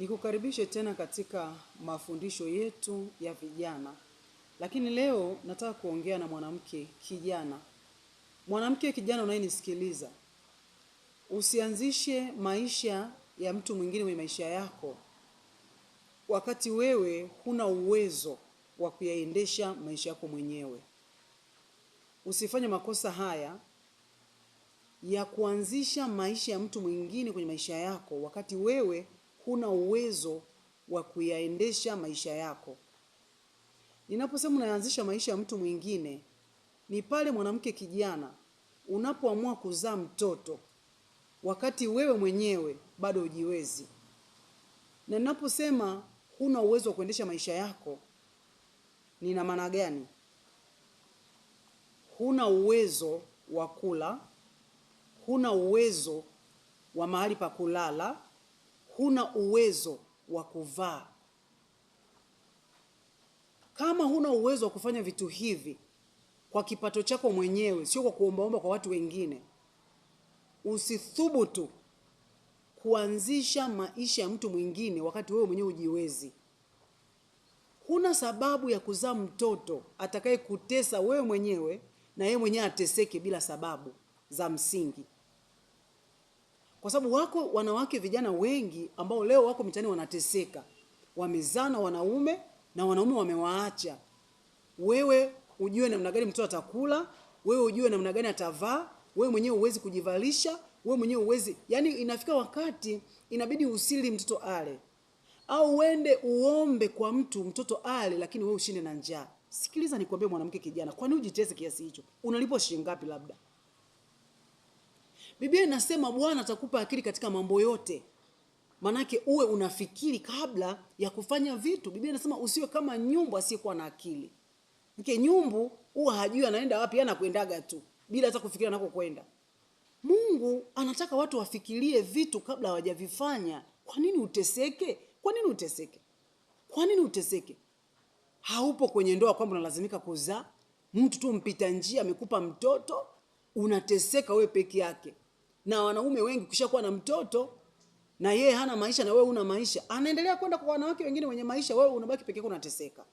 Nikukaribishe tena katika mafundisho yetu ya vijana, lakini leo nataka kuongea na mwanamke kijana. Mwanamke kijana unayenisikiliza, usianzishe maisha ya mtu mwingine kwenye maisha yako wakati wewe huna uwezo wa kuyaendesha maisha yako mwenyewe. Usifanye makosa haya ya kuanzisha maisha ya mtu mwingine kwenye maisha yako wakati wewe huna uwezo wa kuyaendesha maisha yako. Ninaposema unaanzisha maisha ya mtu mwingine, ni pale mwanamke kijana unapoamua kuzaa mtoto wakati wewe mwenyewe bado hujiwezi. Na ninaposema huna uwezo wa kuendesha maisha yako, nina maana gani? Huna uwezo wa kula, huna uwezo wa mahali pa kulala huna uwezo wa kuvaa. Kama huna uwezo wa kufanya vitu hivi kwa kipato chako mwenyewe, sio kwa kuombaomba kwa watu wengine, usithubutu kuanzisha maisha ya mtu mwingine wakati wewe mwenyewe hujiwezi. Huna sababu ya kuzaa mtoto atakaye kutesa wewe mwenyewe na yeye mwenyewe ateseke bila sababu za msingi kwa sababu wako wanawake vijana wengi ambao leo wako mitaani wanateseka, wamezana wanaume na wanaume wamewaacha. Wewe ujue namna gani mtoto atakula, wewe ujue namna gani atavaa, wewe mwenyewe uwezi kujivalisha, wewe mwenyewe uwezi. Yani inafika wakati inabidi usili mtoto ale, au uende uombe kwa mtu mtoto ale, lakini wewe ushinde na njaa. Sikiliza nikwambie, mwanamke kijana, kwani ujiteze kiasi hicho? Unalipwa shilingi ngapi labda Biblia inasema Bwana atakupa akili katika mambo yote, manake uwe unafikiri kabla ya kufanya vitu. Biblia inasema usiwe kama nyumbu asiyekuwa na akili. Mke nyumbu huwa hajui anaenda wapi, anakwendaga tu bila hata kufikiria anakokwenda. Mungu anataka watu wafikirie vitu kabla hawajavifanya. Kwa nini uteseke? Kwa nini uteseke? Kwa nini uteseke? Haupo kwenye ndoa kwamba unalazimika kuzaa, mtu tu mpita njia amekupa mtoto, unateseka wewe peke yake na wanaume wengi ukishakuwa na mtoto na yeye hana maisha na wewe una maisha, anaendelea kwenda kwa wanawake wengine wenye maisha, wewe unabaki pekee yako unateseka.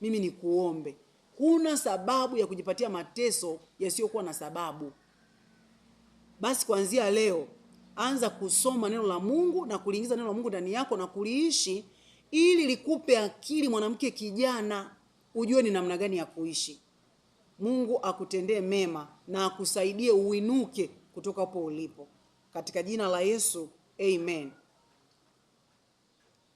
Mimi ni kuombe kuna sababu ya kujipatia mateso yasiyokuwa na sababu. Basi kuanzia leo anza kusoma neno la Mungu na kuliingiza neno la Mungu ndani yako na kuliishi, ili likupe akili, mwanamke kijana, ujue ni namna gani ya kuishi. Mungu akutendee mema na akusaidie uinuke kutoka hapo ulipo, katika jina la Yesu, amen.